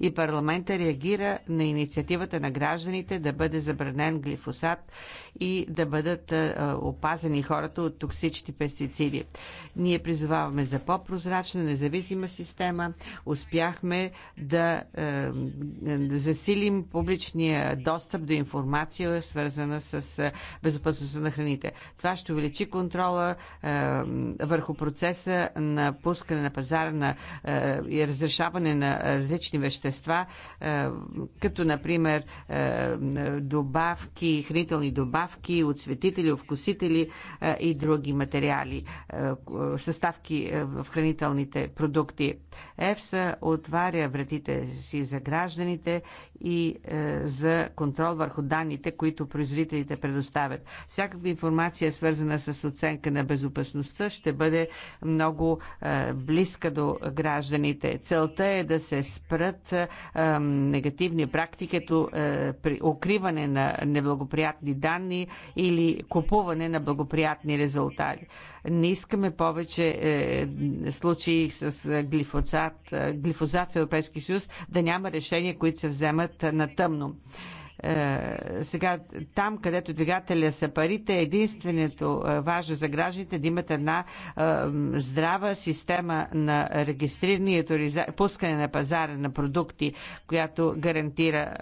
и парламента реагира на инициативата на гражданите да бъде забранен глифосат и да бъдат опазени хората от токсични пестициди. Ние призоваваме за по-прозрачна, независима система. Успяхме да засилим публичния достъп до информация, свързана с безопасността на храните. Това ще увеличи контрола върху процеса на пускане на пазара и разрешаване на различни вещества, е, като например е, добавки, хранителни добавки, отцветители, овкусители е, и други материали, съставки в хранителните продукти. ЕФСА отваря вратите си за гражданите и за контрол върху данните, които производителите предоставят. Всякаква информация, свързана с оценка на безопасността, ще бъде много близка до гражданите. Целта е да се спрат а, негативни практики, като при укриване на неблагоприятни данни или купуване на благоприятни резултати. Не искаме повече е, случаи с глифозат, глифозат в Европейския съюз да няма решения, които се вземат на тъмно. Е, сега там, където двигателя са парите, единственото е, важно за гражданите е да имат една здрава система на регистриране и пускане на пазара на продукти, която гарантира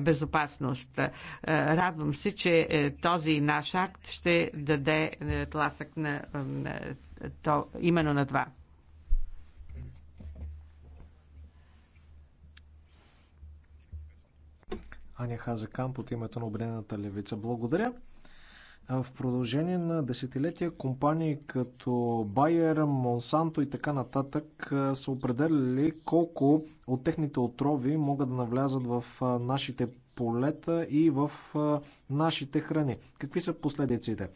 безопасност. Радвам се, че този наш акт ще даде тласък на то, именно на това. Аня Хазакамп от името на Обединената левица. Благодаря. В продължение на десетилетия компании като Bayer, Monsanto и така нататък са определили колко от техните отрови могат да навлязат в нашите полета и в нашите храни. Какви са последиците?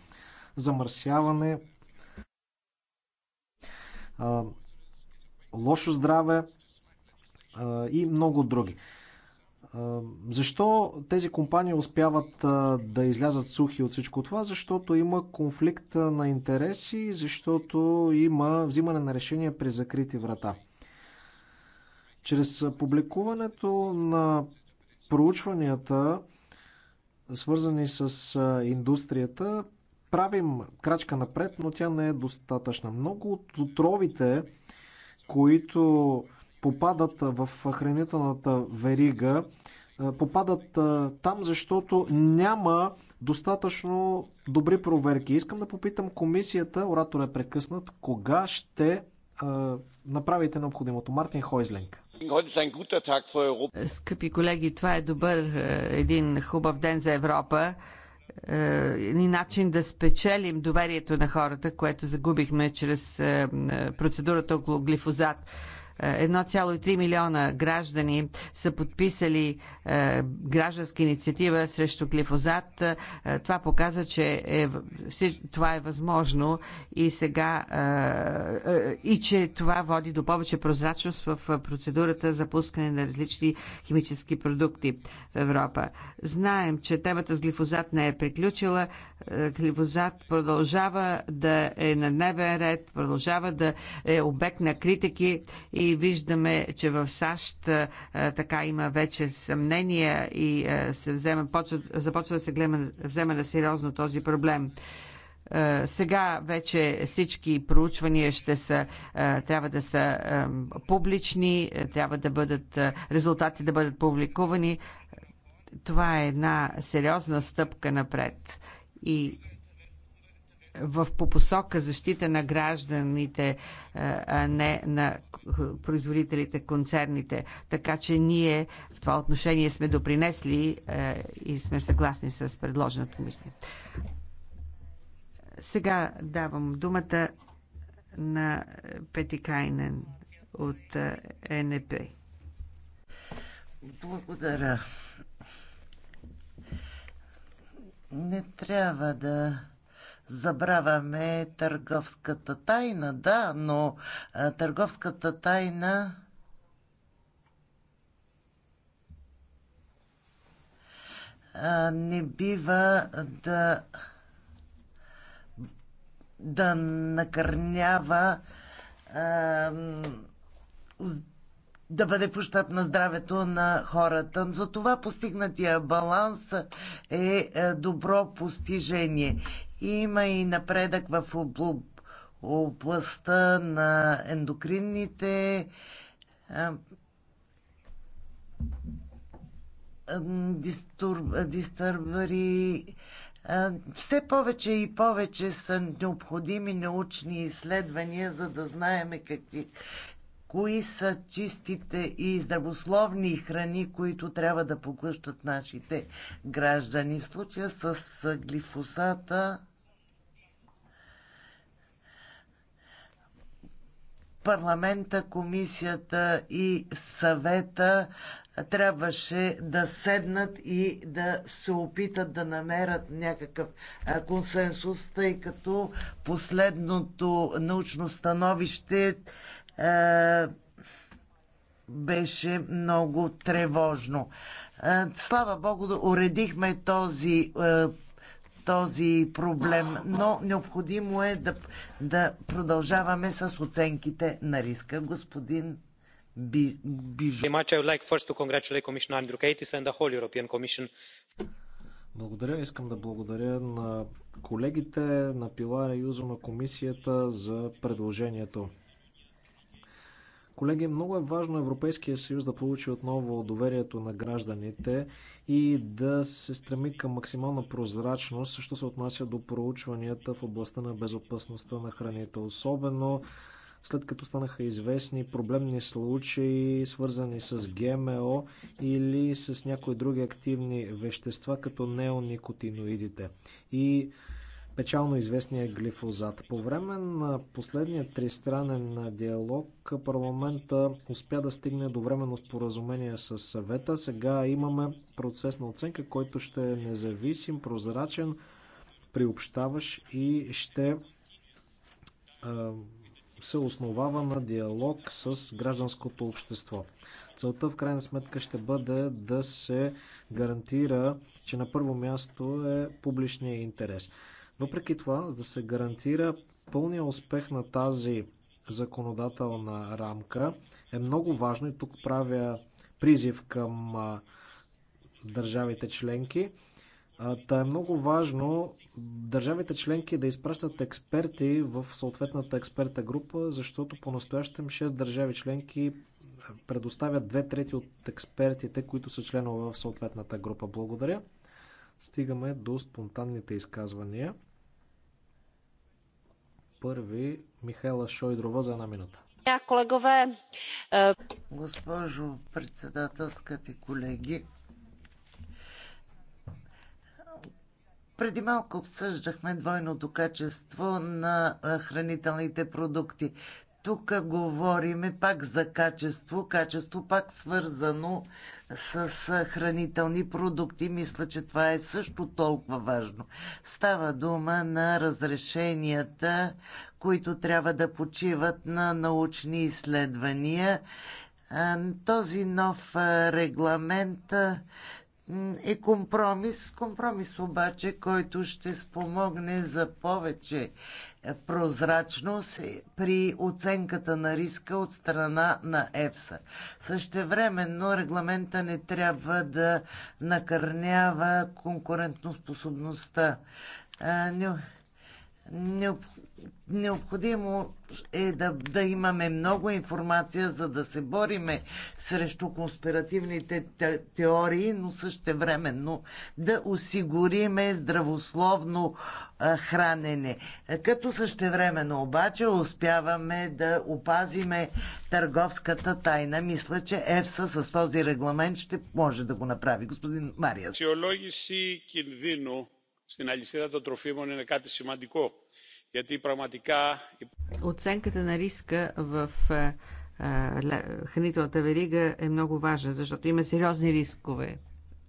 Замърсяване, лошо здраве и много други. Защо тези компании успяват да излязат сухи от всичко това? Защото има конфликт на интереси, защото има взимане на решения при закрити врата. Чрез публикуването на проучванията, свързани с индустрията, правим крачка напред, но тя не е достатъчна. Много от отровите, които попадат в хранителната верига, попадат там, защото няма достатъчно добри проверки. Искам да попитам комисията, оратора е прекъснат, кога ще направите необходимото. Мартин Хойзленг. Скъпи колеги, това е добър, един хубав ден за Европа. Ни начин да спечелим доверието на хората, което загубихме чрез процедурата около глифозат 1,3 милиона граждани са подписали е, гражданска инициатива срещу глифозат. Е, това показва, че е, това е възможно и сега е, и че това води до повече прозрачност в процедурата за пускане на различни химически продукти в Европа. Знаем, че темата с глифозат не е приключила. Глифозат продължава да е на дневен ред, продължава да е обект на критики и и виждаме, че в САЩ така има вече съмнения и се взема, почва, започва да се глема, взема на сериозно този проблем. Сега вече всички проучвания ще са, трябва да са публични, трябва да бъдат, резултати да бъдат публикувани. Това е една сериозна стъпка напред. И в, по посока защита на гражданите, е, а не на производителите, концерните. Така че ние в това отношение сме допринесли е, и сме съгласни с предложеното мисли. Сега давам думата на Пети Кайнен от е, НП. Благодаря. Не трябва да забравяме търговската тайна, да, но а, търговската тайна а, не бива да да накърнява а, да бъде в на здравето на хората. Затова постигнатия баланс е, е добро постижение. Има и напредък в областта на ендокринните дистърбари. Все повече и повече са необходими научни изследвания, за да знаем какви, кои са чистите и здравословни храни, които трябва да поглъщат нашите граждани. В случая с глифосата парламента, комисията и съвета трябваше да седнат и да се опитат да намерят някакъв консенсус, тъй като последното научно становище беше много тревожно. Слава Богу, уредихме този този проблем, но необходимо е да, да продължаваме с оценките на риска. Господин Бижу. Благодаря. Искам да благодаря на колегите, на Пилара Юзо, на комисията за предложението. Колеги, много е важно Европейския съюз да получи отново доверието на гражданите и да се стреми към максимална прозрачност, също се отнася до проучванията в областта на безопасността на храните. Особено след като станаха известни проблемни случаи, свързани с ГМО или с някои други активни вещества, като неоникотиноидите. И печално известния глифозат. По време на последния тристранен диалог парламента успя да стигне до временно споразумение с съвета. Сега имаме процес на оценка, който ще е независим, прозрачен, приобщаващ и ще се основава на диалог с гражданското общество. Целта в крайна сметка ще бъде да се гарантира, че на първо място е публичния интерес. Въпреки това, за да се гарантира пълния успех на тази законодателна рамка, е много важно и тук правя призив към държавите членки. Та е много важно държавите членки да изпращат експерти в съответната експерта група, защото по-настоящем 6 държави членки е, предоставят две трети от експертите, които са членове в съответната група. Благодаря стигаме до спонтанните изказвания. Първи Михайла Шойдрова за една минута. Е, колегове. Е, Госпожо председател, скъпи колеги, Преди малко обсъждахме двойното качество на е, хранителните продукти. Тук говориме пак за качество, качество пак свързано с хранителни продукти. Мисля, че това е също толкова важно. Става дума на разрешенията, които трябва да почиват на научни изследвания. Този нов регламент е компромис. Компромис обаче, който ще спомогне за повече е, прозрачност при оценката на риска от страна на ЕФСА. Същевременно регламента не трябва да накърнява конкурентоспособността. Е, Необходимо Необходимо е да, да имаме много информация, за да се бориме срещу конспиративните теории, но същевременно да осигуриме здравословно а, хранене. Като същевременно обаче успяваме да опазиме търговската тайна. Мисля, че ЕФСА с този регламент ще може да го направи. Господин Мария. Αξιολόγηση κινδύνου στην αλυσίδα των τροφίμων είναι κάτι σημαντικό Оценката на риска в хранителната верига е много важна, защото има сериозни рискове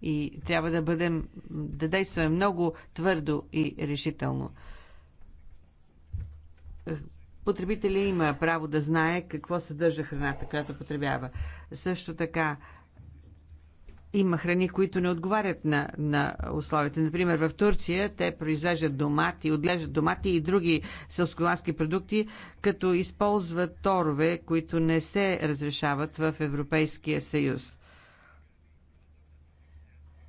и трябва да бъдем, да действаме много твърдо и решително. Потребителя има право да знае какво съдържа храната, която потребява. Също така, има храни, които не отговарят на, на условията. Например, в Турция те произвеждат домати, отглеждат домати и други селскостопански продукти, като използват торове, които не се разрешават в Европейския съюз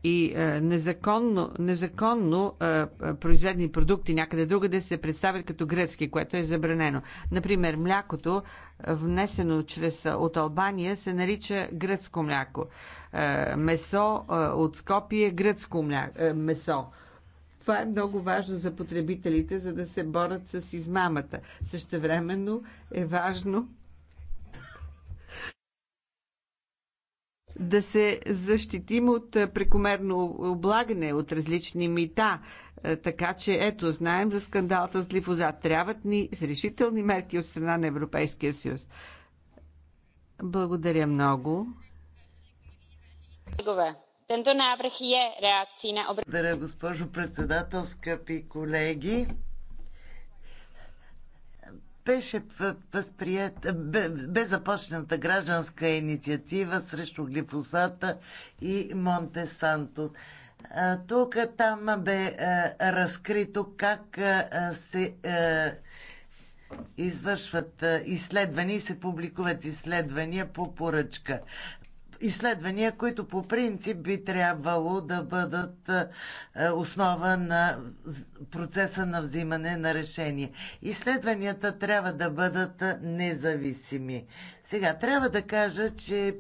и е, незаконно, незаконно е, произведени продукти някъде другаде се представят като гръцки, което е забранено. Например, млякото, е, внесено чрез, от Албания, се нарича гръцко мляко. Месо от Скопие гръцко мляко, месо. Това е много важно за потребителите, за да се борят с измамата. Същевременно е важно да се защитим от е, прекомерно облагане, от различни мита. Е, така че, ето, знаем за скандалата с глифозат. Трябват ни решителни мерки от страна на Европейския съюз. Благодаря много. Е Благодаря, госпожо председател, скъпи колеги беше възприят, бе, бе започната гражданска инициатива срещу глифосата и Монте Санто. Тук там бе разкрито как се извършват изследвания и се публикуват изследвания по поръчка изследвания, които по принцип би трябвало да бъдат е, е, основа на процеса на взимане на решение. Изследванията трябва да бъдат е, независими. Сега трябва да кажа, че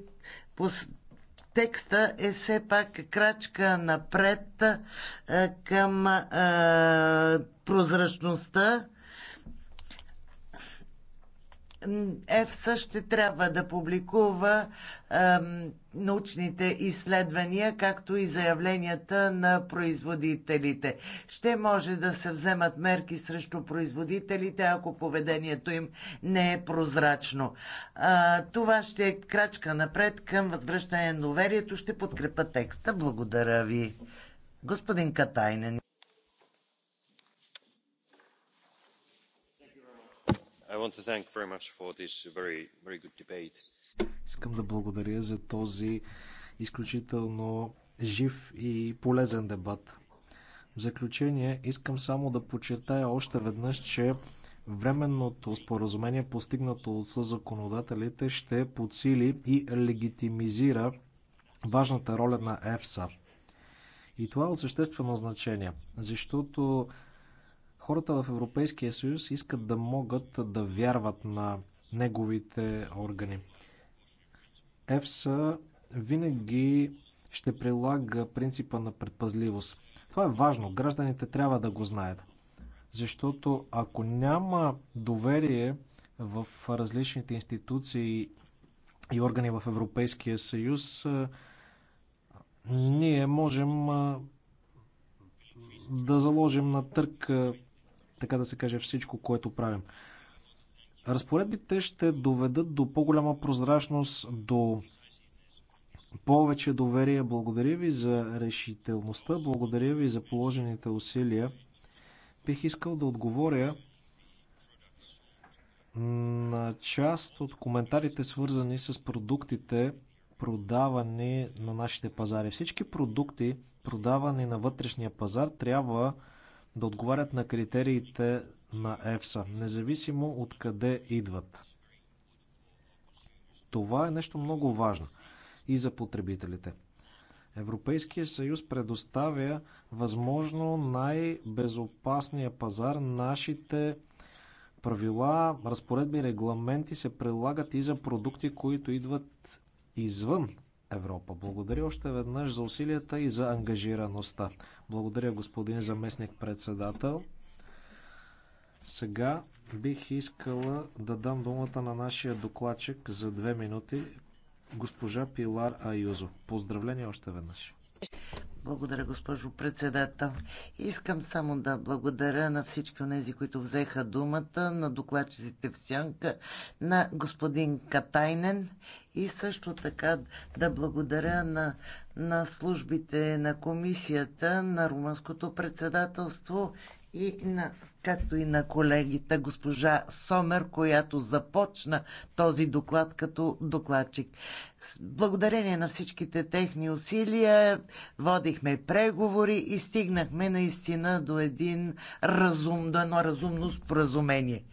текста е все пак крачка напред към прозрачността ЕФСА ще трябва да публикува е, научните изследвания, както и заявленията на производителите. Ще може да се вземат мерки срещу производителите, ако поведението им не е прозрачно. Е, това ще е крачка напред към възвръщане на доверието. Ще подкрепа текста. Благодаря ви. Господин Катайнен. Искам да благодаря за този изключително жив и полезен дебат. В заключение искам само да подчертая още веднъж, че временното споразумение, постигнато от законодателите, ще подсили и легитимизира важната роля на ЕФСА. И това е от съществено значение, защото Хората в Европейския съюз искат да могат да вярват на неговите органи. ЕФСА винаги ще прилага принципа на предпазливост. Това е важно. Гражданите трябва да го знаят. Защото ако няма доверие в различните институции и органи в Европейския съюз, ние можем да заложим на търк така да се каже, всичко, което правим. Разпоредбите ще доведат до по-голяма прозрачност, до повече доверие. Благодаря ви за решителността, благодаря ви за положените усилия. Бих искал да отговоря на част от коментарите, свързани с продуктите, продавани на нашите пазари. Всички продукти, продавани на вътрешния пазар, трябва да да отговарят на критериите на ЕФСА, независимо от къде идват. Това е нещо много важно и за потребителите. Европейския съюз предоставя възможно най-безопасния пазар. Нашите правила, разпоредби, регламенти се прилагат и за продукти, които идват извън Европа. Благодаря още веднъж за усилията и за ангажираността. Благодаря, господин заместник председател. Сега бих искала да дам думата на нашия докладчик за две минути, госпожа Пилар Аюзо. Поздравление още веднъж. Благодаря, госпожо председател. Искам само да благодаря на всички от тези, които взеха думата, на докладчиците в Сянка, на господин Катайнен и също така да благодаря на, на службите на комисията, на румънското председателство и на, както и на колегите госпожа Сомер, която започна този доклад като докладчик. Благодарение на всичките техни усилия водихме преговори и стигнахме наистина до един разум, до едно разумно споразумение.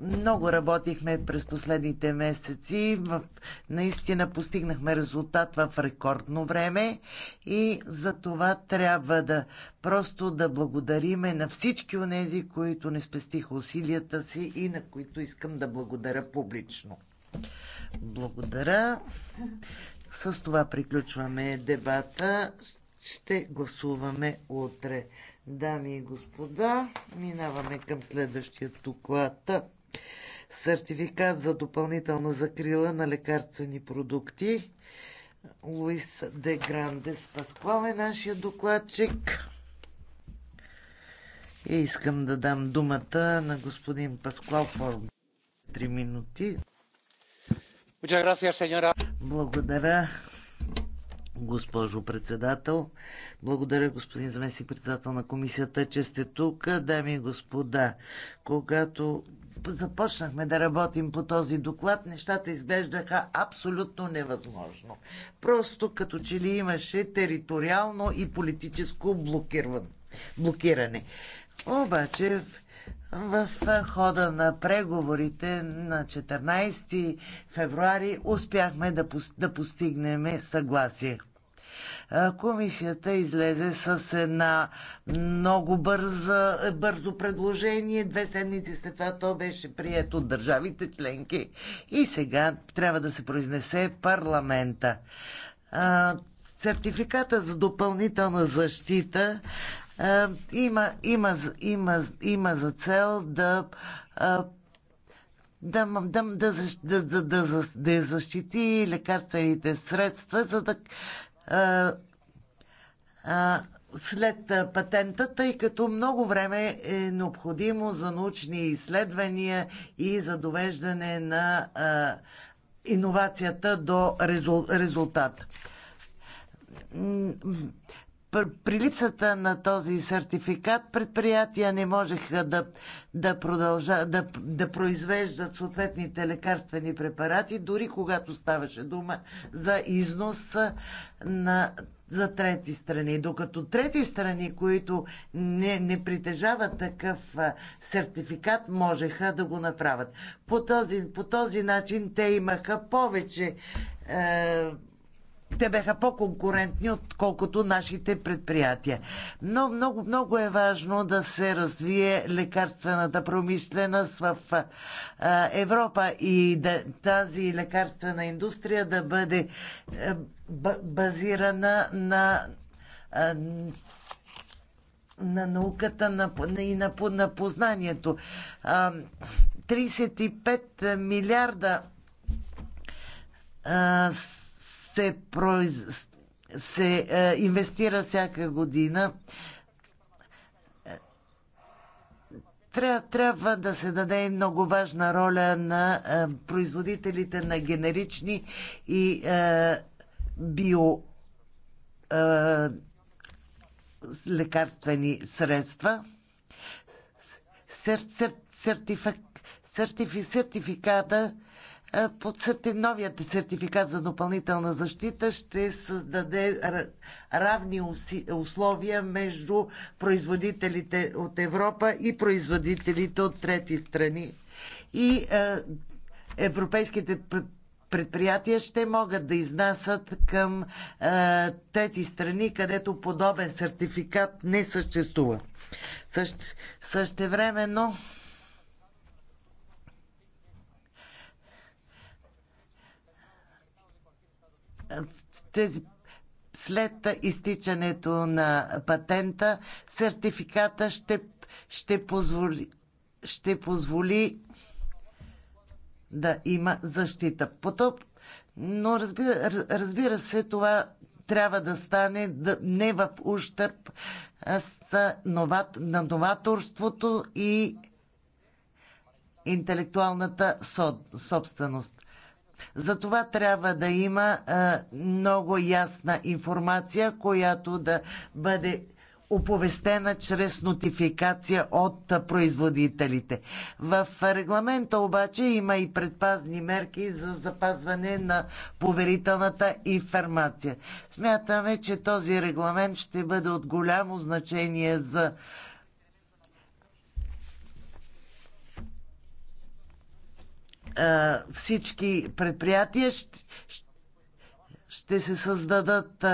Много работихме през последните месеци. В... Наистина постигнахме резултат в рекордно време и за това трябва да просто да благодариме на всички онези, които не спестиха усилията си и на които искам да благодаря публично. Благодаря. С това приключваме дебата. Ще гласуваме утре. Дами и господа, минаваме към следващия доклад сертификат за допълнителна закрила на лекарствени продукти. Луис де Грандес Пасквал е нашия докладчик. И искам да дам думата на господин Пасквал по 3 минути. Благодаря, госпожо председател. Благодаря, господин заместник председател на комисията, че сте тук. Дами и господа, когато започнахме да работим по този доклад, нещата изглеждаха абсолютно невъзможно. Просто като че ли имаше териториално и политическо блокиране. Обаче в хода на преговорите на 14 февруари успяхме да, постигнем съгласие. Комисията излезе с една много бърза, бързо предложение. Две седмици след това то беше прието от държавите членки и сега трябва да се произнесе парламента. Сертификата за допълнителна защита има, има, има, има за цел да да, да, да, да, да, да защити лекарствените средства, за да след патента, тъй като много време е необходимо за научни изследвания и за довеждане на иновацията до резултат при липсата на този сертификат предприятия не можеха да, да, продължа, да, да произвеждат съответните лекарствени препарати, дори когато ставаше дума за износ на, за трети страни. Докато трети страни, които не, не притежават такъв сертификат, можеха да го направят. По този, по този начин те имаха повече. Е, те бяха по-конкурентни, отколкото нашите предприятия. Но много, много е важно да се развие лекарствената промишленост в Европа и да, тази лекарствена индустрия да бъде е, базирана на на науката на, и на, на познанието. 35 милиарда а, се, произ... се е, инвестира всяка година. трябва да се даде много важна роля на е, производителите на генерични и е, био е, лекарствени средства. Сер, сер, сертифик, сертифи, сертификата е, подсъртен новият сертификат за допълнителна защита ще създаде равни условия между производителите от Европа и производителите от трети страни. И е, европейските предприятия ще могат да изнасят към е, трети страни, където подобен сертификат не съществува. Също, същевременно тези след изтичането на патента сертификата ще, ще, позволи, ще позволи да има защита. Потоп, но разбира, разбира се, това трябва да стане не в ущърп с новат, на новаторството и интелектуалната собственост. Затова трябва да има а, много ясна информация, която да бъде оповестена чрез нотификация от производителите. В регламента обаче има и предпазни мерки за запазване на поверителната информация. Смятаме, че този регламент ще бъде от голямо значение за всички предприятия, ще се създадат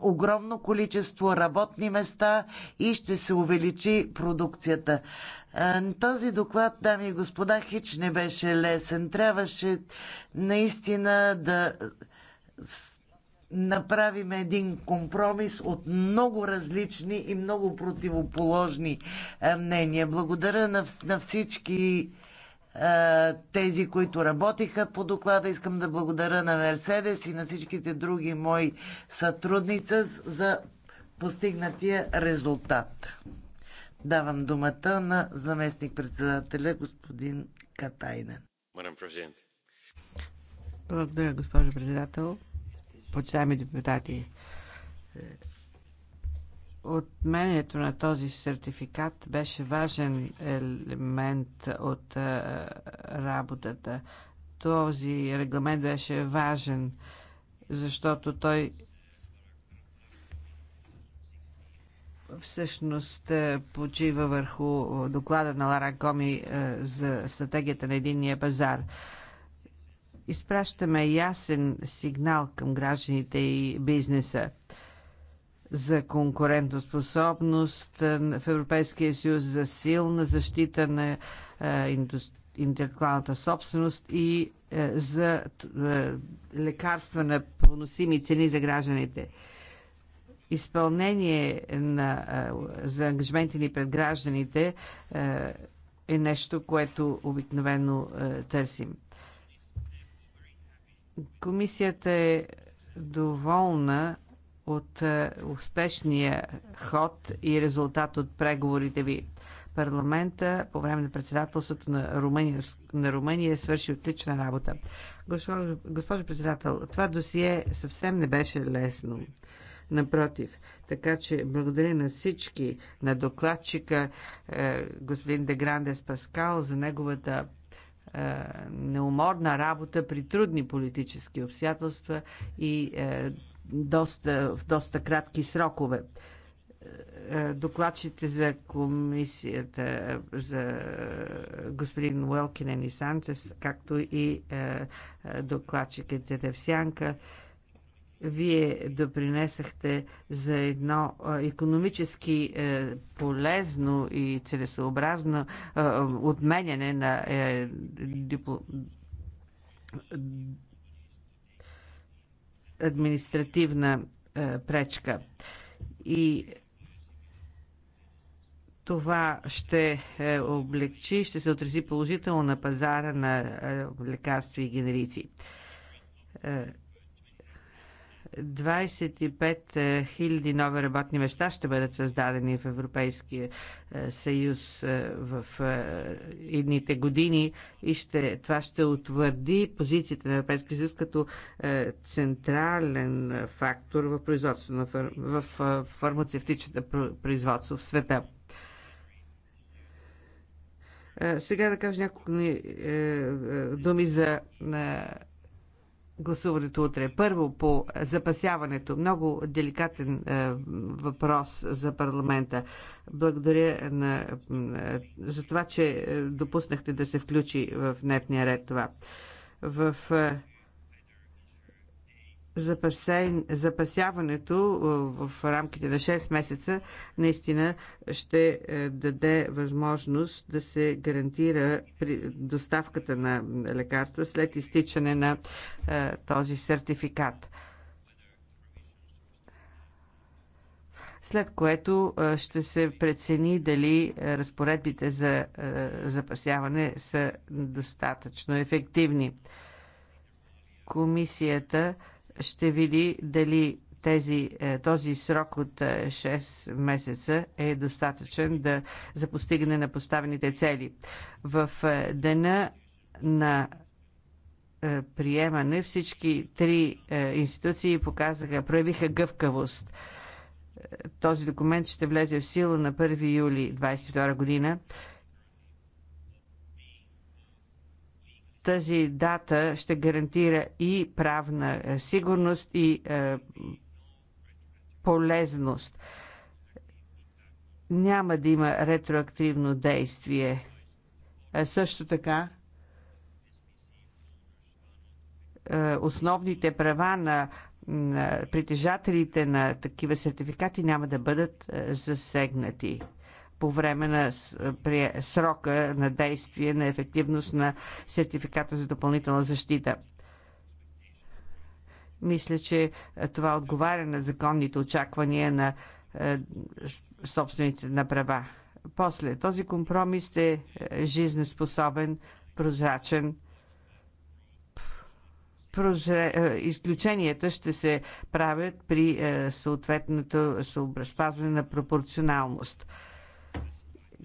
огромно количество работни места и ще се увеличи продукцията. Този доклад, дами и господа, хич не беше лесен. Трябваше наистина да направим един компромис от много различни и много противоположни мнения. Благодаря на, на всички тези, които работиха по доклада. Искам да благодаря на Мерседес и на всичките други мои сътрудница за постигнатия резултат. Давам думата на заместник-председателя господин Катайнен. Благодаря, госпожо председател. Почитаеми депутати, Отменянето на този сертификат беше важен елемент от работата. Този регламент беше важен, защото той всъщност почива върху доклада на Лара Коми за стратегията на единния пазар. Изпращаме ясен сигнал към гражданите и бизнеса за конкурентоспособност е, в Европейския съюз, за силна защита на е, интелектуалната собственост и е, за лекарства на поносими цени за гражданите. Изпълнение на, за ангажменти ни пред гражданите е нещо, което обикновено търсим. Комисията е доволна от е, успешния ход и резултат от преговорите ви. Парламента по време на председателството на Румъния, на Румъния е свърши отлична работа. Госпожо, госпожо председател, това досие съвсем не беше лесно. Напротив, така че благодаря на всички, на докладчика е, господин Деграндес Паскал за неговата неуморна работа при трудни политически обстоятелства и доста, в доста кратки срокове. Е, докладчите за комисията за господин Уелкинен и Санчес, както и е, докладчиките Тевсянка, вие допринесахте за едно економически е, полезно и целесообразно отменяне на административна е, пречка. И това ще е, облегчи, ще се отрази положително на пазара на е, лекарства и генерици. 25 000 нови работни места ще бъдат създадени в Европейския е, съюз е, в е, едните години и ще, това ще утвърди позицията на Европейския съюз като централен фактор в производство на в фармацевтичната производство в света. Сега да кажа няколко думи за гласуването утре. Първо по запасяването. Много деликатен е, въпрос за парламента. Благодаря на, е, за това, че е, допуснахте да се включи в дневния ред това. В е, запасяването в рамките на 6 месеца наистина ще даде възможност да се гарантира доставката на лекарства след изтичане на този сертификат. след което ще се прецени дали разпоредбите за запасяване са достатъчно ефективни. Комисията ще види дали тези, е, този срок от 6 е, месеца е достатъчен да, за постигане на поставените цели. В е, дена на приемане всички три институции показаха, проявиха гъвкавост. Този документ ще влезе в сила на 1 юли 2022 година Тази дата ще гарантира и правна е, сигурност, и е, полезност. Няма да има ретроактивно действие. А е, също така, е, основните права на, на притежателите на такива сертификати няма да бъдат засегнати по време на срока на действие на ефективност на сертификата за допълнителна защита. Мисля, че това отговаря на законните очаквания на собствениците на права. После, този компромис е, е жизнеспособен, прозрачен. Прозре... Е, изключенията ще се правят при е, съответното спазване на пропорционалност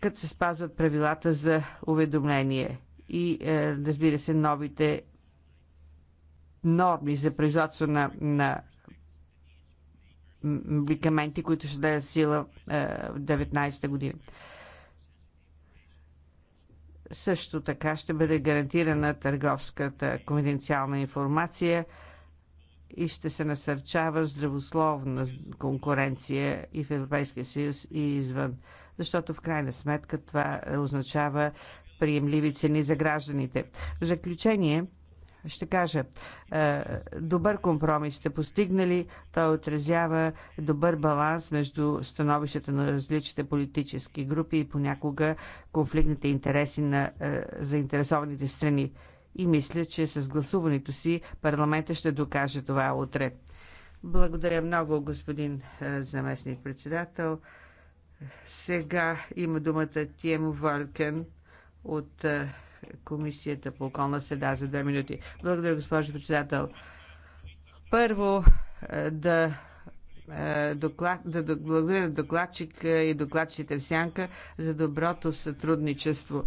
като се спазват правилата за уведомление и е, разбира се новите норми за производство на, на медикаменти, които ще дадат сила е, в 19-та година. Също така ще бъде гарантирана търговската конфиденциална информация и ще се насърчава здравословна конкуренция и в Европейския съюз и извън защото в крайна сметка това означава приемливи цени за гражданите. В заключение, ще кажа, е, добър компромис сте постигнали. Той отразява добър баланс между становищата на различните политически групи и понякога конфликтните интереси на е, заинтересованите страни. И мисля, че с гласуването си парламента ще докаже това утре. Благодаря много, господин е, заместник председател. Сега има думата Тием Валькен от е, Комисията по околна среда за две минути. Благодаря, госпожо председател. Първо е, да е, доклад, да, да благодаря на докладчика и докладчите в Сянка за доброто сътрудничество.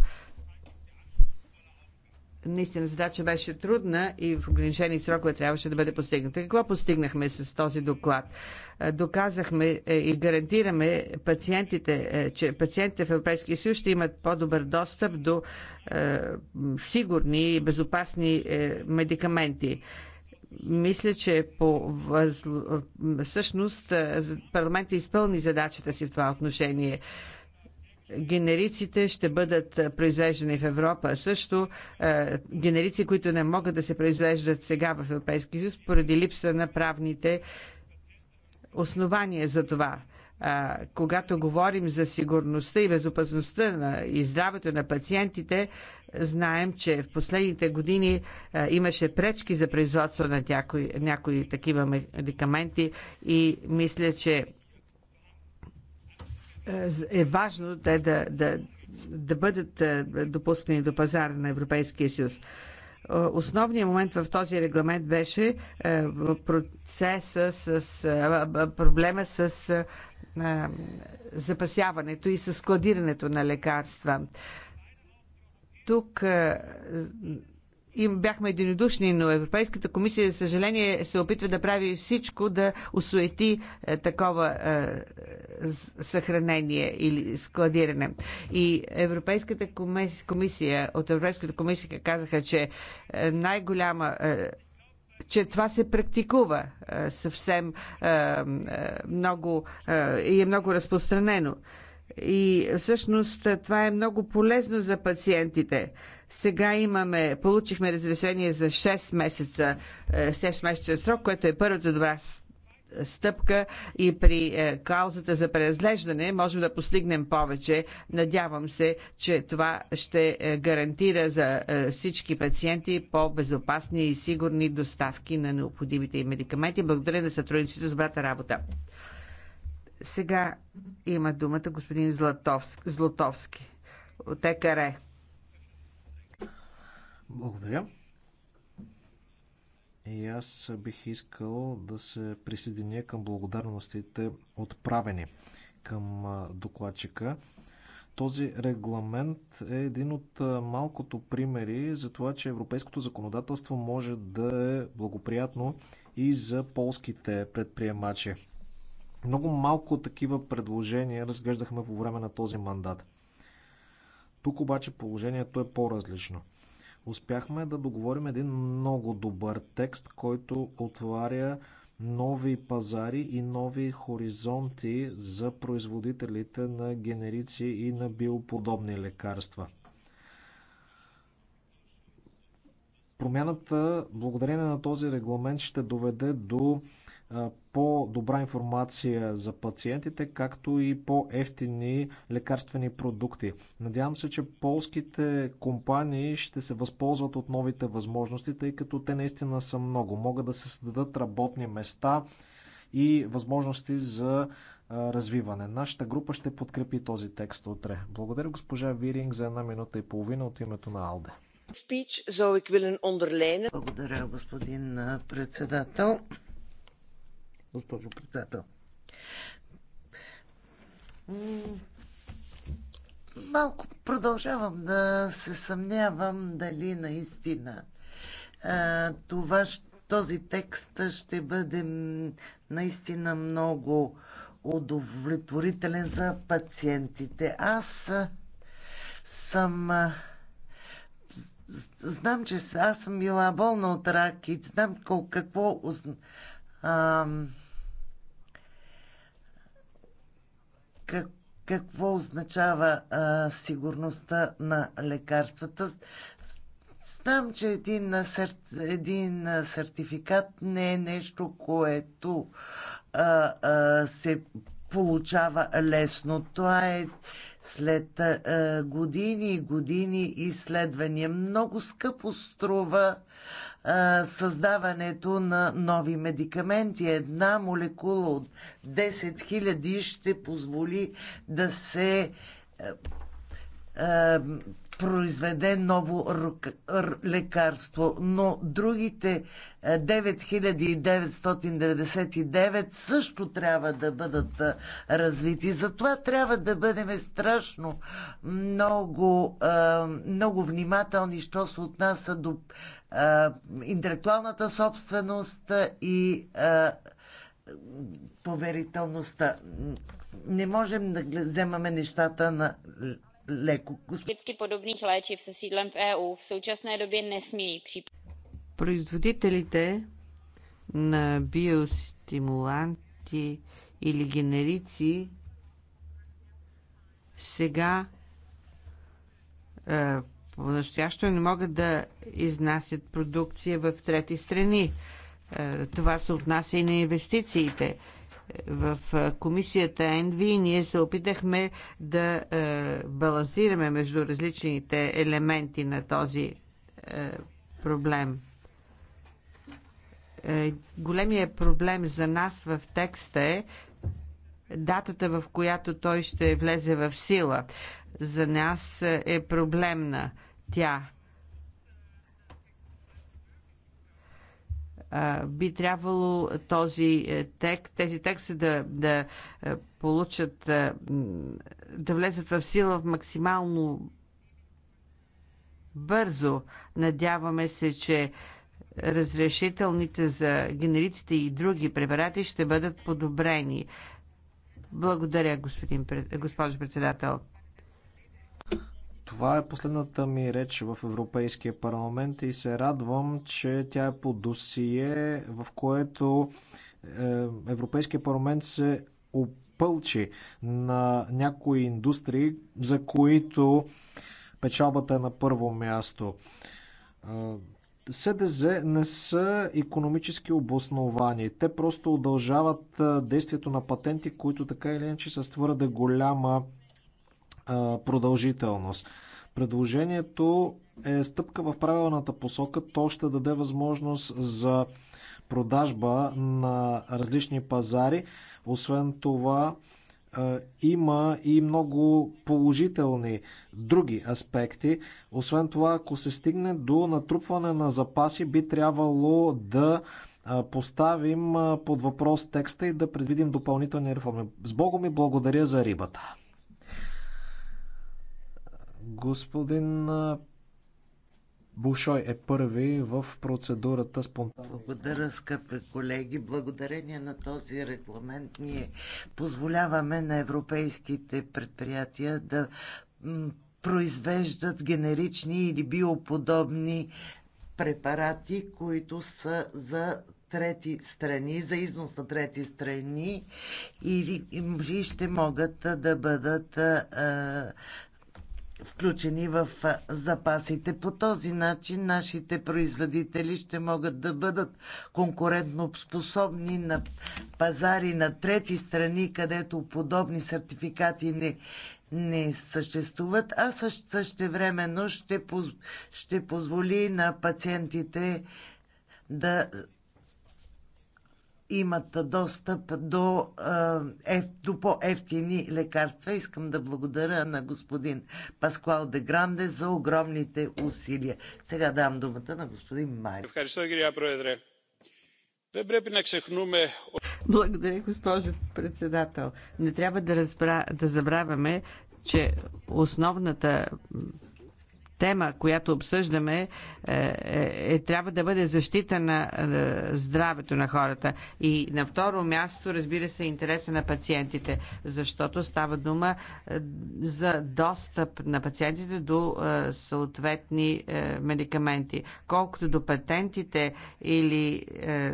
Наистина задача беше трудна и в ограничени срокове трябваше да бъде постигната. Какво постигнахме с този доклад? Е, доказахме е, и гарантираме пациентите, е, че пациентите в Европейския съюз ще имат по-добър достъп до сигурни и безопасни медикаменти мисля, че по възл... всъщност парламентът изпълни задачата си в това отношение генериците ще бъдат произвеждани в Европа. Също е, генерици, които не могат да се произвеждат сега в Европейския съюз, поради липса на правните основания за това. когато говорим за сигурността и безопасността на, и здравето на пациентите, знаем, че в последните години а, имаше пречки за производство на някои, някои такива медикаменти и мисля, че е важно те да, да, да бъдат е, допускани до пазара на Европейския съюз. Е, основният момент в този регламент беше е, процеса с проблема с запасяването и с складирането на лекарства. Тук им бяхме единодушни, но Европейската комисия, за съжаление, се опитва да прави всичко да усуети е, такова е, съхранение или складиране. И Европейската комисия, от Европейската комисия казаха, че е, най-голяма е, че това се практикува а, е, съвсем а, е, е, много а, и е много разпространено. И всъщност това е много полезно за пациентите. А, сега имаме, получихме разрешение за 6 месеца, 6 е, месеца срок, което е първата добра стъпка и при е, каузата за преразглеждане можем да постигнем повече. Надявам се, че това ще е, гарантира за всички пациенти по-безопасни и сигурни доставки на необходимите им медикаменти. Благодаря на сътрудниците с брата работа. Сега има думата господин Златовски, Златовски от ЕКРЕ. Благодаря. И аз бих искал да се присъединя към благодарностите отправени към докладчика. Този регламент е един от малкото примери за това, че европейското законодателство може да е благоприятно и за полските предприемачи. Много малко такива предложения разглеждахме по време на този мандат. Тук обаче положението е по-различно – успяхме да договорим един много добър текст, който отваря нови пазари и нови хоризонти за производителите на генерици и на биоподобни лекарства. Промяната, благодарение на този регламент, ще доведе до по-добра информация за пациентите, както и по-ефтини лекарствени продукти. Надявам се, че полските компании ще се възползват от новите възможности, тъй като те наистина са много. Могат да се създадат работни места и възможности за развиване. Нашата група ще подкрепи този текст утре. Благодаря госпожа Виринг за една минута и половина от името на Алде. Благодаря, господин председател госпожо председател. Малко продължавам да се съмнявам дали наистина това, този текст ще бъде наистина много удовлетворителен за пациентите. Аз съм знам, че аз съм била болна от рак и знам какво, какво а, как, какво означава а, сигурността на лекарствата. Знам, че един, сер, един сертификат не е нещо, което а, а, се получава лесно. Това е след а, години и години изследвания. Много скъпо струва създаването на нови медикаменти. Една молекула от 10 000 ще позволи да се произведе ново лекарство, но другите 9999 е, също трябва да бъдат е, развити. Затова трябва да бъдем страшно много, е, много внимателни, що се отнася до интелектуалната собственост и поверителността. Не можем да вземаме нещата на podobných léčiv se sídlem v EU v současné době nesmějí Производителите на биостимуланти или генерици сега е, по-настоящо не могат да изнасят продукция в трети страни. Е, това се отнася и на инвестициите. В комисията ЕНВИ ние се опитахме да балансираме между различните елементи на този проблем. Е, Големия проблем за нас в текста е датата, в която той ще влезе в сила. За нас е проблемна тя би трябвало този е, тек, тези тексти да, да е, получат, е, да влезат в сила в максимално бързо. Надяваме се, че разрешителните за генериците и други препарати ще бъдат подобрени. Благодаря, господин, госпожо председател. Това е последната ми реч в Европейския парламент и се радвам, че тя е по досие, в което е, Европейския парламент се опълчи на някои индустрии, за които печалбата е на първо място. Е, СДЗ не са економически обосновани. Те просто удължават е, действието на патенти, които така или иначе са твърде голяма продължителност. Предложението е стъпка в правилната посока. То ще даде възможност за продажба на различни пазари. Освен това, има и много положителни други аспекти. Освен това, ако се стигне до натрупване на запаси, би трябвало да поставим под въпрос текста и да предвидим допълнителни реформи. С Богом и благодаря за рибата. Господин Бушой е първи в процедурата спонтанно. Благодаря, скъпи колеги. Благодарение на този регламент ние позволяваме на европейските предприятия да произвеждат генерични или биоподобни препарати, които са за трети страни, за износ на трети страни или ще могат да бъдат включени в запасите. По този начин нашите производители ще могат да бъдат конкурентоспособни на пазари на трети страни, където подобни сертификати не, не съществуват, а същевременно ще, поз, ще позволи на пациентите да имат достъп до, е, до по-ефтини лекарства. Искам да благодаря на господин Паскуал де Гранде за огромните усилия. Сега давам думата на господин Мари. Благодаря, госпожо председател. Не трябва да, разбра, да забравяме, че основната тема, която обсъждаме, е, е, е, трябва да бъде защита на е, здравето на хората. И на второ място, разбира се, интереса на пациентите, защото става дума е, за достъп на пациентите до е, съответни е, медикаменти. Колкото до патентите или е,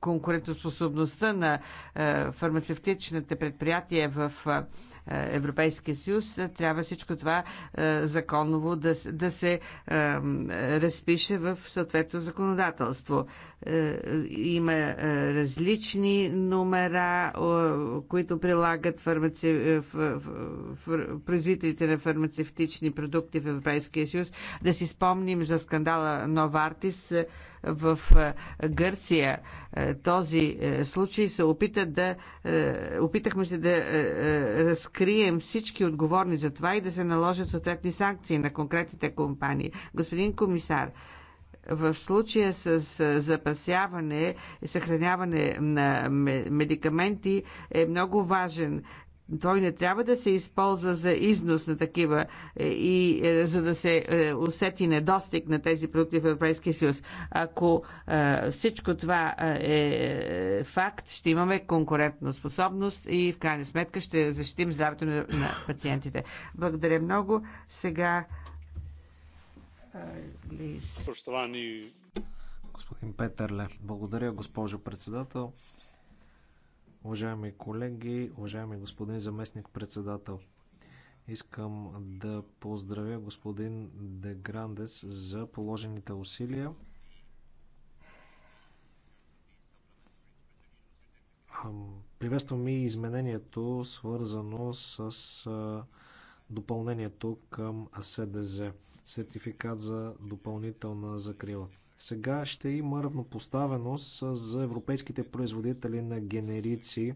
конкурентоспособността на е, фармацевтичните предприятия в е, Европейския съюз, трябва всичко това е, законово да, да се разпише в съответно законодателство. Има различни номера, които прилагат фармаци... производителите на фармацевтични продукти в Европейския съюз. Да си спомним за скандала Новартис, в е, Гърция е, този е, случай се опита да опитахме се да разкрием всички отговорни за това и да се наложат съответни санкции на конкретните компании. Господин комисар, в случая с запасяване и съхраняване на медикаменти е много важен той не трябва да се използва за износ на такива е, и е, за да се е, усети недостиг на тези продукти в Европейския съюз. Ако всичко това е факт, ще имаме конкурентна способност и в крайна сметка ще защитим здравето на пациентите. Благодаря много. Сега Господин Петърле, благодаря госпожо председател. Уважаеми колеги, уважаеми господин заместник председател, искам да поздравя господин Де Грандес за положените усилия. Приветствам и изменението, свързано с допълнението към СДЗ сертификат за допълнителна закрила. Сега ще има равнопоставеност за европейските производители на генерици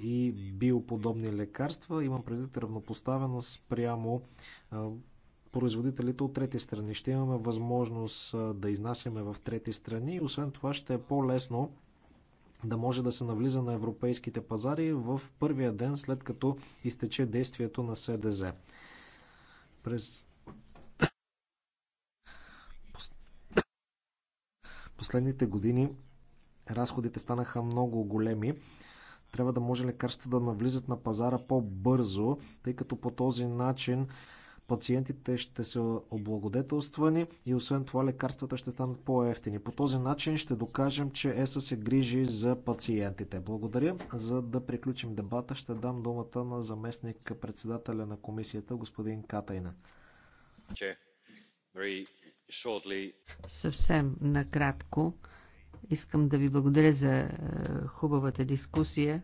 и биоподобни лекарства. Имам предвид равнопоставеност прямо производителите от трети страни. Ще имаме възможност да изнасяме в трети страни и освен това ще е по-лесно да може да се навлиза на европейските пазари в първия ден след като изтече действието на СДЗ. През последните години разходите станаха много големи. Трябва да може лекарствата да навлизат на пазара по-бързо, тъй като по този начин пациентите ще са облагодетелствани и освен това лекарствата ще станат по-ефтини. По този начин ще докажем, че ЕСА се грижи за пациентите. Благодаря. За да приключим дебата, ще дам думата на заместник председателя на комисията, господин Катайна. Съвсем накратко искам да ви благодаря за е, хубавата дискусия.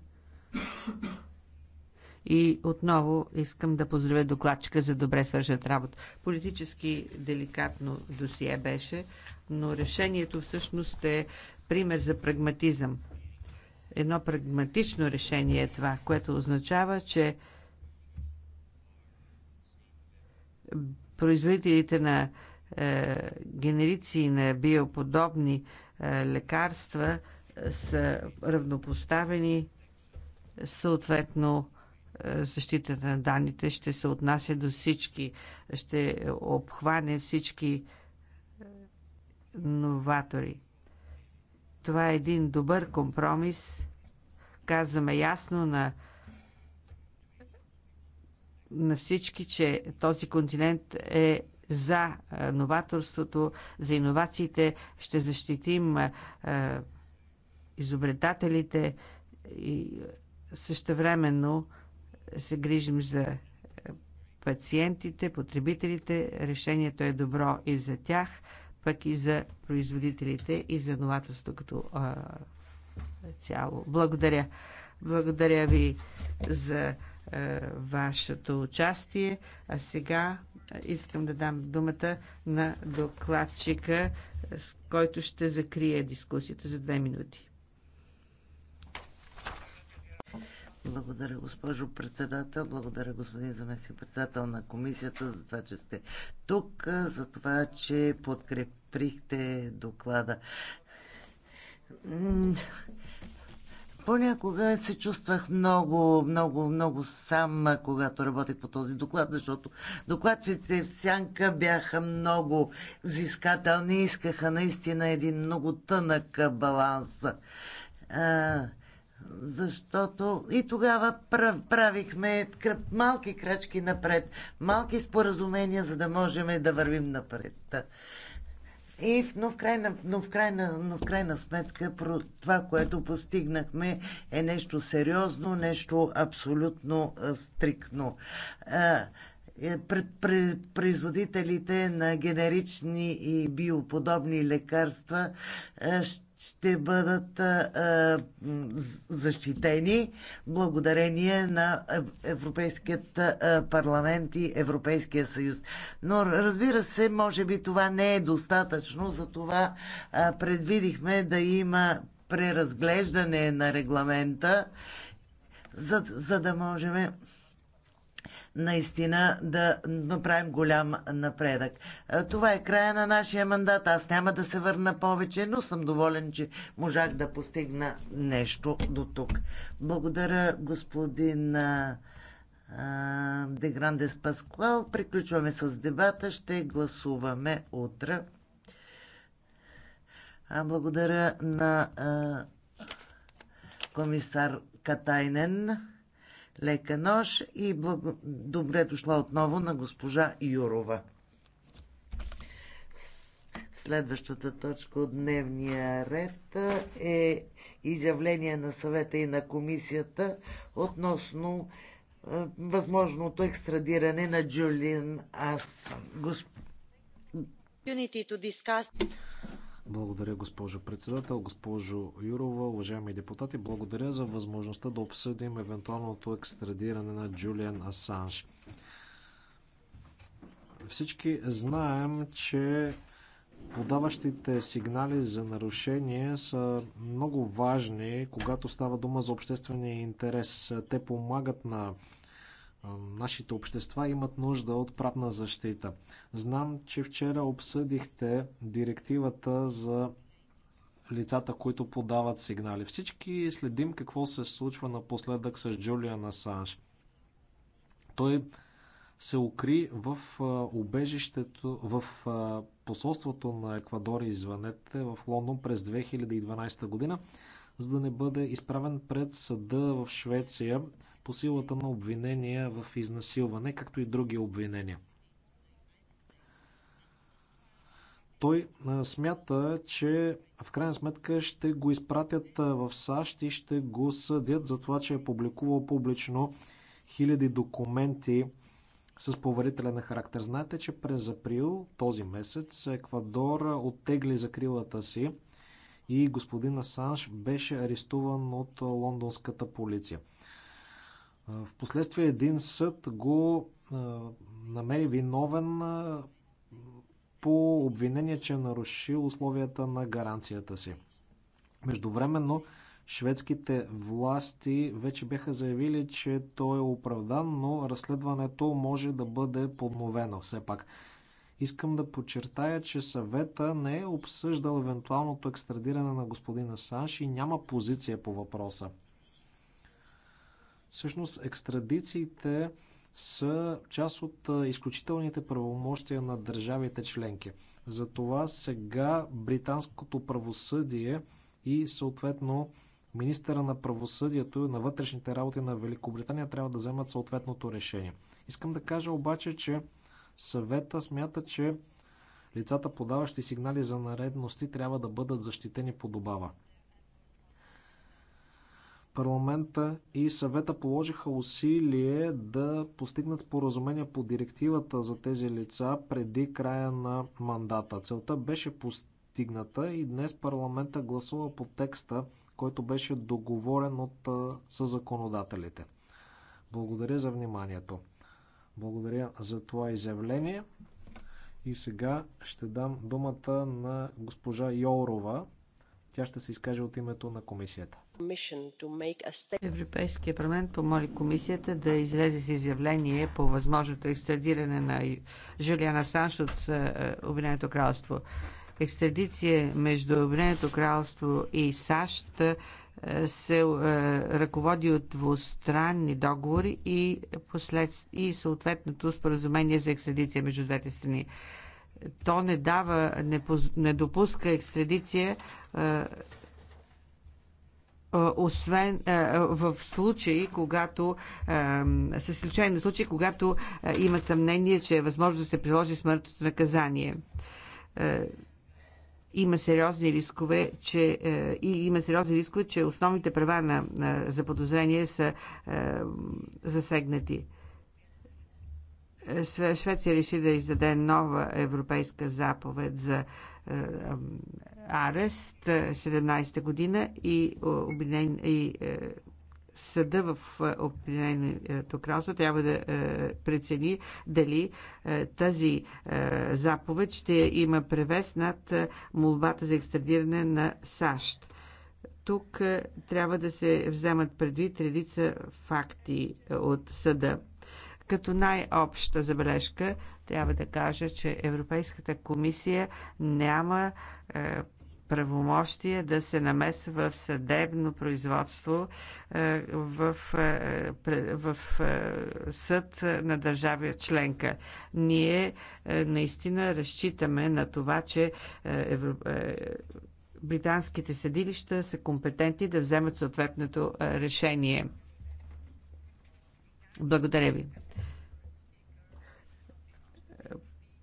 И отново искам да поздравя докладчика за добре свършат работа. Политически деликатно досие беше, но решението всъщност е пример за прагматизъм. Едно прагматично решение е това, което означава, че производителите на е, генерици на биоподобни е, лекарства е, са равнопоставени, съответно защитата на данните ще се отнася до всички, ще обхване всички новатори. Това е един добър компромис. Казваме ясно на, на всички, че този континент е за новаторството, за иновациите, ще защитим изобретателите и същевременно се грижим за пациентите, потребителите. Решението е добро и за тях, пък и за производителите и за новаторството като цяло. Благодаря. Благодаря ви за вашето участие. А сега искам да дам думата на докладчика, с който ще закрие дискусията за две минути. Благодаря, госпожо председател. Благодаря, господин заместник председател на комисията, за това, че сте тук, за това, че подкрепихте доклада. Понякога се чувствах много, много, много сам, когато работех по този доклад, защото докладчиците в сянка бяха много взискателни, искаха наистина един много тънък баланс. Защото и тогава правихме малки крачки напред, малки споразумения, за да можем да вървим напред. И, но, в крайна, но, в крайна, но в крайна сметка това, което постигнахме е нещо сериозно, нещо абсолютно а, стриктно. А, е, производителите на генерични и биоподобни лекарства ще бъдат защитени благодарение на Европейският парламент и Европейския съюз. Но разбира се, може би това не е достатъчно, затова предвидихме да има преразглеждане на регламента, за, за да можем наистина да направим голям напредък. Това е края на нашия мандат. Аз няма да се върна повече, но съм доволен, че можах да постигна нещо до тук. Благодаря, господин Деграндес Паскуал. Приключваме с дебата. Ще гласуваме утре. Благодаря на комисар Катайнен лека нощ и благо... добре дошла отново на госпожа Юрова. Следващата точка от дневния ред е изявление на съвета и на комисията относно възможното екстрадиране на Джулиан Ас. Госп... Благодаря, госпожо председател, госпожо Юрова, уважаеми депутати. Благодаря за възможността да обсъдим евентуалното екстрадиране на Джулиан Асанж. Всички знаем, че подаващите сигнали за нарушение са много важни, когато става дума за обществения интерес. Те помагат на Нашите общества имат нужда от правна защита. Знам, че вчера обсъдихте директивата за лицата, които подават сигнали. Всички следим какво се случва напоследък с Джулиан Асанж. Той се укри в убежището, в посолството на Еквадор и Звънете в Лондон през 2012 година, за да не бъде изправен пред съда в Швеция по силата на обвинения в изнасилване, както и други обвинения. Той смята, че в крайна сметка ще го изпратят в САЩ и ще го съдят за това, че е публикувал публично хиляди документи с поверителен характер. Знаете, че през април този месец Еквадор оттегли закрилата си и господин Асанж беше арестуван от лондонската полиция. В последствие един съд го намери виновен по обвинение, че е нарушил условията на гаранцията си. Междувременно шведските власти вече бяха заявили, че той е оправдан, но разследването може да бъде подновено все пак. Искам да подчертая, че съвета не е обсъждал евентуалното екстрадиране на господин Асанш и няма позиция по въпроса. Всъщност екстрадициите са част от изключителните правомощия на държавите членки. Затова сега британското правосъдие и съответно министъра на правосъдието на вътрешните работи на Великобритания трябва да вземат съответното решение. Искам да кажа обаче, че съвета смята, че лицата подаващи сигнали за наредности трябва да бъдат защитени по добава. Парламента и съвета положиха усилие да постигнат поразумение по директивата за тези лица преди края на мандата. Целта беше постигната и днес парламента гласува по текста, който беше договорен от със законодателите. Благодаря за вниманието. Благодаря за това изявление. И сега ще дам думата на госпожа Йорова. Тя ще се изкаже от името на комисията. Европейския парламент помоли комисията да излезе с изявление по възможното екстрадиране на Жулиан Асанш от е, е, Обединеното кралство. Екстрадиция между Обединеното кралство и САЩ е, се ръководи от двустранни договори и, послед, и съответното споразумение за екстрадиция между двете страни. То не дава, не, поз, не допуска екстрадиция освен в случаи, когато с изключение на случаи, когато има съмнение, че е възможно да се приложи смъртното наказание има сериозни рискове, че и има сериозни рискове, че основните права на, на заподозрение са е, засегнати. Швеция реши да издаде нова европейска заповед за арест 17-та е, година и, е, обвинен, и е, съда в Обединението кралство трябва да прецени дали тази заповед ще има превес над молбата за екстрадиране на САЩ. Тук трябва да се вземат предвид редица факти от съда. Като най-обща забележка трябва да кажа, че Европейската комисия няма правомощия да се намесва в съдебно производство е, в, е, в е, съд на държава членка. Ние наистина разчитаме на това, че британските съдилища са компетентни да вземат съответното решение. Благодаря ви.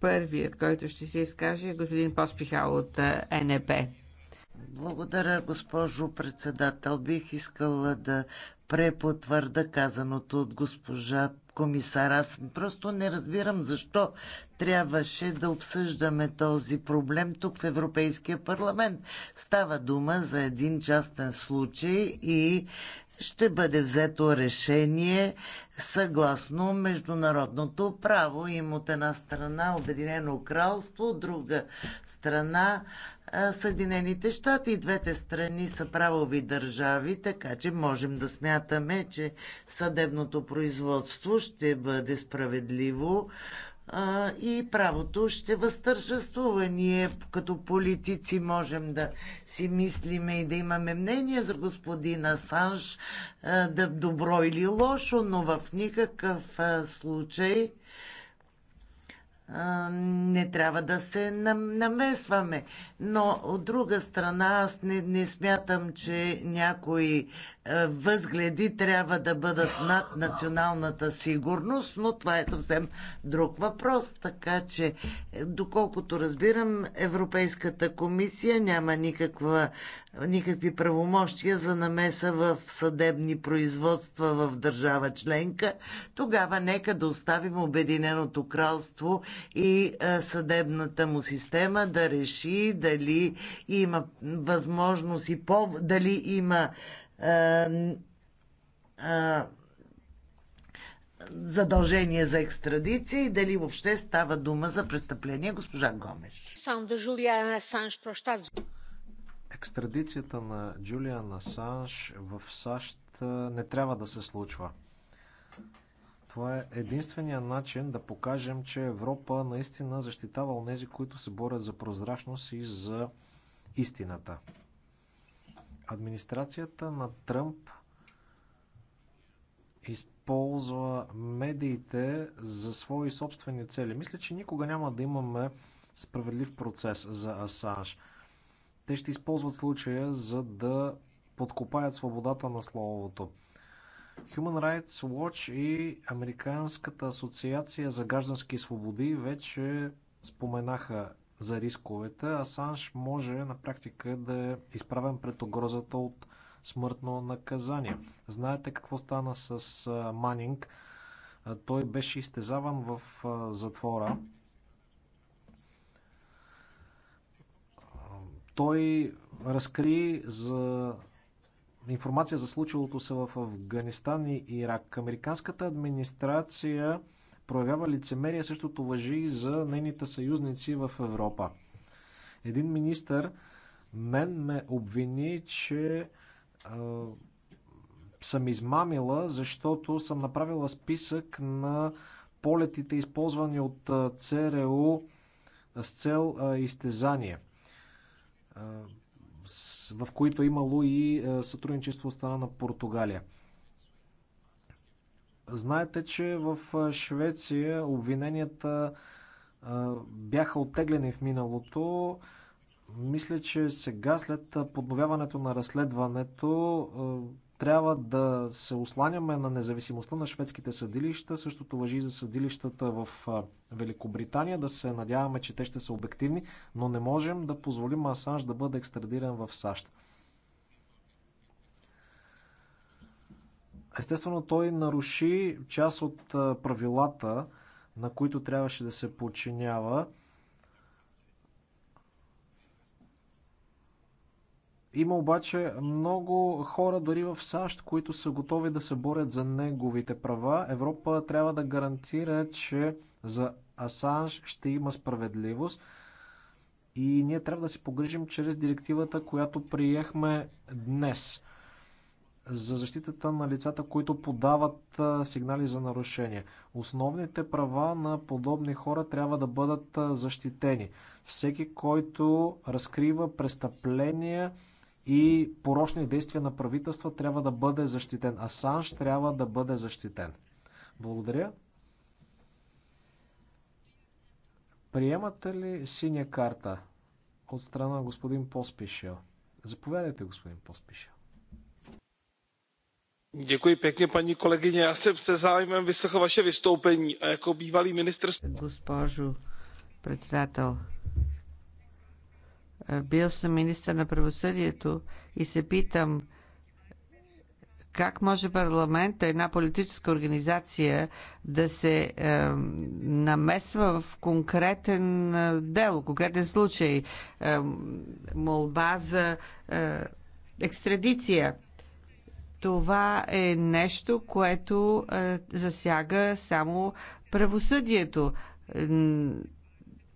Първият, който ще се изкаже е господин Поспихал от НП. Благодаря, госпожо председател. Бих искала да препотвърда казаното от госпожа комисар. Аз просто не разбирам защо трябваше да обсъждаме този проблем тук в Европейския парламент. Става дума за един частен случай и ще бъде взето решение съгласно международното право. Им от една страна Обединено кралство, от друга страна Съединените щати. И двете страни са правови държави, така че можем да смятаме, че съдебното производство ще бъде справедливо а, и правото ще възтържествува. Ние като политици можем да си мислиме и да имаме мнение за господин Асанж, а, да добро или лошо, но в никакъв а, случай не трябва да се намесваме. Но от друга страна, аз не, не смятам, че някои е, възгледи трябва да бъдат над националната сигурност, но това е съвсем друг въпрос. Така че, е, доколкото разбирам, Европейската комисия няма никаква, никакви правомощия за намеса в съдебни производства в държава членка. Тогава нека да оставим Обединеното кралство и е, съдебната му система да реши дали има възможност и пов... дали има задължение за екстрадиция и дали въобще става дума за престъпление, госпожа Гомеш. Екстрадицията на Джулиан Асанж в САЩ не трябва да се случва. Това е единствения начин да покажем, че Европа наистина защитава онези, които се борят за прозрачност и за истината. Администрацията на Тръмп използва медиите за свои собствени цели. Мисля, че никога няма да имаме справедлив процес за Асанж. Те ще използват случая, за да подкопаят свободата на словото. Human Rights Watch и Американската асоциация за граждански свободи вече споменаха за рисковете. Асанж може на практика да е изправен пред угрозата от смъртно наказание. Знаете какво стана с Манинг? Той беше изтезаван в затвора. Той разкри за информация за случилото се в Афганистан и Ирак. Американската администрация проявява лицемерие, същото въжи и за нейните съюзници в Европа. Един министър мен ме обвини, че а, съм измамила, защото съм направила списък на полетите, използвани от ЦРУ е с цел а, изтезание, а, с, в които е имало и а, сътрудничество от страна на Португалия. Знаете, че в Швеция обвиненията бяха оттеглени в миналото. Мисля, че сега, след подновяването на разследването, трябва да се осланяме на независимостта на шведските съдилища. Същото въжи и за съдилищата в Великобритания. Да се надяваме, че те ще са обективни, но не можем да позволим Асанж да бъде екстрадиран в САЩ. Естествено, той наруши част от правилата, на които трябваше да се подчинява. Има обаче много хора, дори в САЩ, които са готови да се борят за неговите права. Европа трябва да гарантира, че за Асанж ще има справедливост. И ние трябва да се погрижим чрез директивата, която приехме днес за защитата на лицата, които подават сигнали за нарушения. Основните права на подобни хора трябва да бъдат защитени. Всеки, който разкрива престъпления и порочни действия на правителства, трябва да бъде защитен. Асанж трябва да бъде защитен. Благодаря. Приемате ли синя карта от страна на господин Поспишел? Заповядайте, господин Поспишел paní kolegyně já jsem se zájmem vyslechl vaše vystoupení a jako bývalý ministr. госпожо председател бил съм министър на правосъдието и се питам как може парламента, една политическа организация, да се е, намесва в конкретен е, дело, конкретен случай, е, молба за е, екстрадиция? Това е нещо, което е, засяга само правосъдието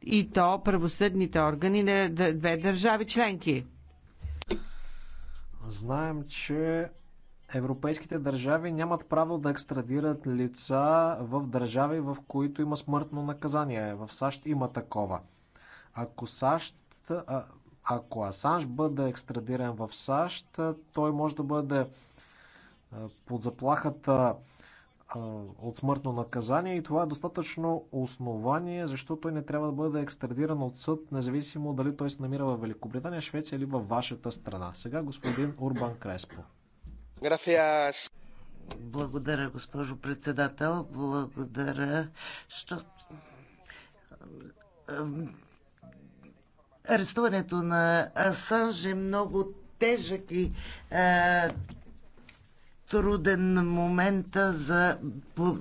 и то правосъдните органи на две държави членки. Знаем, че европейските държави нямат право да екстрадират лица в държави, в които има смъртно наказание. В САЩ има такова. Ако САЩ. А, ако Асанж бъде екстрадиран в САЩ, той може да бъде под заплахата от смъртно наказание и това е достатъчно основание, защото той не трябва да бъде екстрадиран от съд, независимо дали той се намира в Великобритания, Швеция или във вашата страна. Сега господин Урбан Креспо. Благодаря, госпожо председател. Благодаря, що... Арестуването на Асанж е много тежък и труден момент за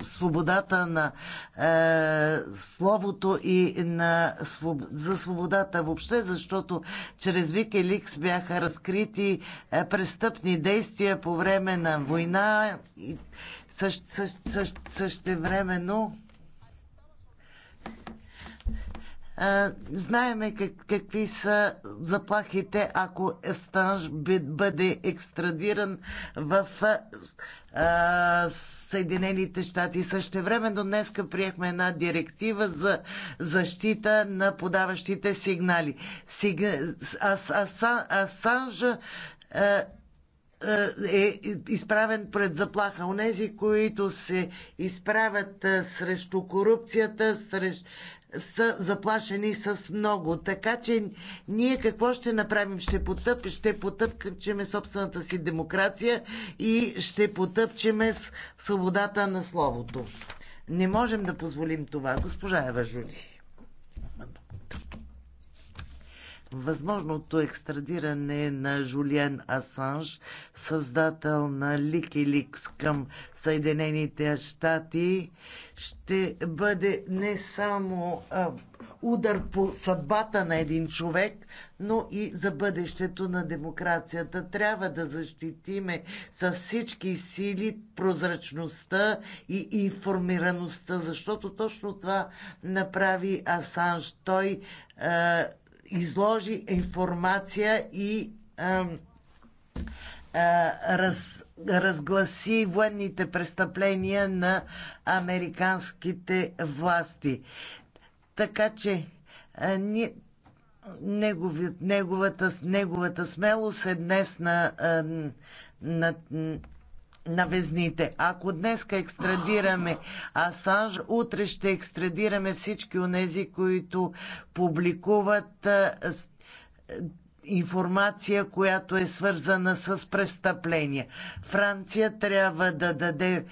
свободата на е, словото и на, за свободата въобще, защото чрез Викеликс бяха разкрити е, престъпни действия по време на война и същ, същ, същ, същевременно Знаеме как, какви са заплахите, ако Естанж бъде екстрадиран в а, Съединените щати. Също времено днеска приехме една директива за защита на подаващите сигнали. Сигна... а, а, Асанжа а, е изправен пред заплаха. Онези, които се изправят срещу корупцията, срещу са заплашени с много. Така че ние какво ще направим? Ще потъп, ще потъпкаме собствената си демокрация и ще потъпчеме свободата на словото. Не можем да позволим това, госпожа Ева Жули. възможното екстрадиране на Жулиен Асанж, създател на Ликиликс към Съединените щати, ще бъде не само а, удар по съдбата на един човек, но и за бъдещето на демокрацията. Трябва да защитиме с всички сили прозрачността и информираността, защото точно това направи Асанж. Той а, изложи информация и а, а, раз, разгласи военните престъпления на американските власти. Така че а, ни, негови, неговата, неговата смелост е днес на, на, на на везните. Ако днес екстрадираме Асанж, утре ще екстрадираме всички тези, които публикуват е, информация, която е свързана с престъпления. Франция трябва да даде е,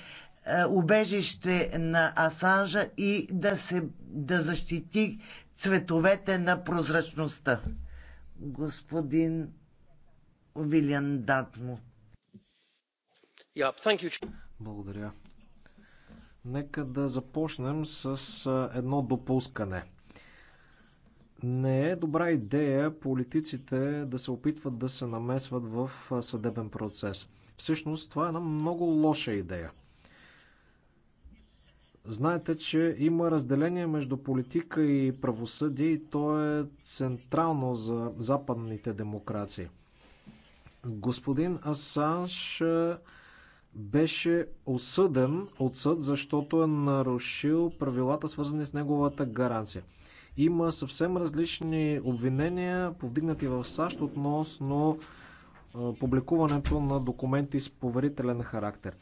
убежище на Асанжа и да, се, да защити цветовете на прозрачността. Господин Вилиан Датмут. Благодаря. Нека да започнем с едно допускане. Не е добра идея политиците да се опитват да се намесват в съдебен процес. Всъщност това е една много лоша идея. Знаете, че има разделение между политика и правосъдие и то е централно за западните демокрации. Господин Асанш беше осъден от съд, защото е нарушил правилата, свързани с неговата гаранция. Има съвсем различни обвинения, повдигнати в САЩ относно публикуването на документи с поверителен характер.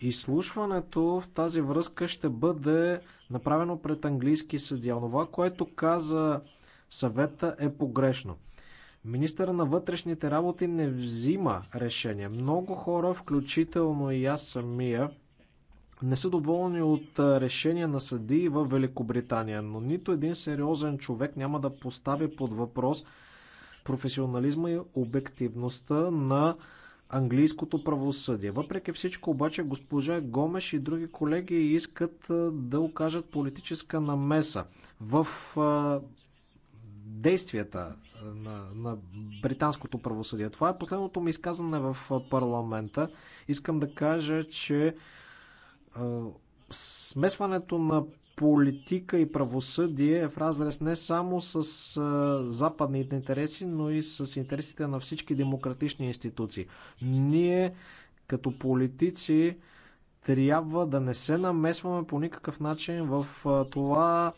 Изслушването в тази връзка ще бъде направено пред английски съдия. Това, което каза съвета е погрешно. Министъра на вътрешните работи не взима решение. Много хора, включително и аз самия, не са доволни от решения на съдии в Великобритания, но нито един сериозен човек няма да постави под въпрос професионализма и обективността на английското правосъдие. Въпреки всичко обаче госпожа Гомеш и други колеги искат да окажат политическа намеса в действията на, на британското правосъдие. Това е последното ми изказане в парламента. Искам да кажа, че смесването на политика и правосъдие е в разрез не само с западните интереси, но и с интересите на всички демократични институции. Ние като политици трябва да не се намесваме по никакъв начин в това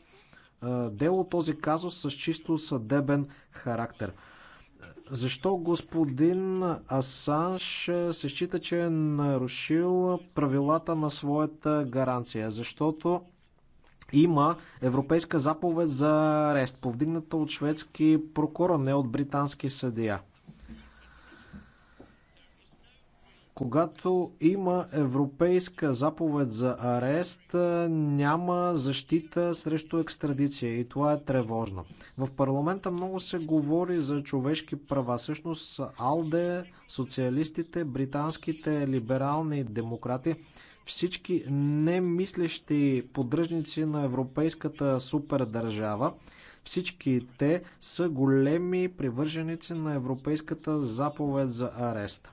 дело, този казус с чисто съдебен характер. Защо господин Асанж се счита, че е нарушил правилата на своята гаранция? Защото има европейска заповед за арест, повдигната от шведски прокурор, не от британски съдия. Когато има европейска заповед за арест, е, няма защита срещу екстрадиция и това е тревожно. В парламента много се говори за човешки права. Всъщност АЛДЕ, социалистите, британските либерални демократи, всички немислещи поддръжници на европейската супердържава, всички те са големи привърженици на европейската заповед за арест.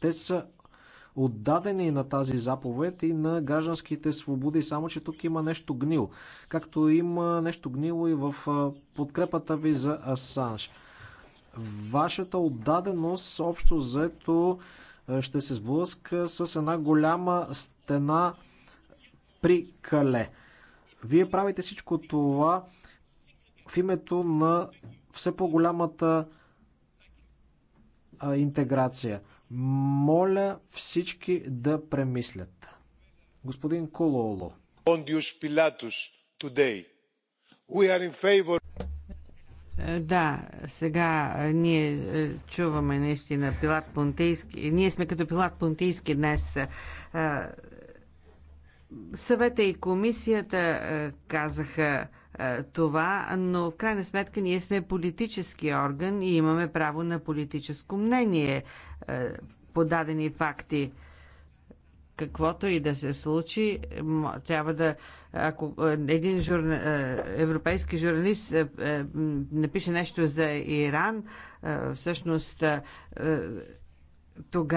Те са отдадени на тази заповед и на гражданските свободи, само че тук има нещо гнило. Както има нещо гнило и в подкрепата ви за Асанж. Вашата отдаденост, общо взето, ще се сблъска с една голяма стена при Кале. Вие правите всичко това в името на все по-голямата интеграция. Моля всички да премислят. Господин Кололо. Пилатус, today. We are in favor... Е, да, сега е, ние е, чуваме наистина Пилат Понтийски. Ние сме като Пилат Понтийски днес. Съвета и комисията казаха е, това, но в крайна сметка ние сме политически орган и имаме право на политическо мнение е, по дадени факти. Каквото и да се случи, трябва да. Ако е, един журна, европейски журналист напише нещо за Иран, всъщност тогава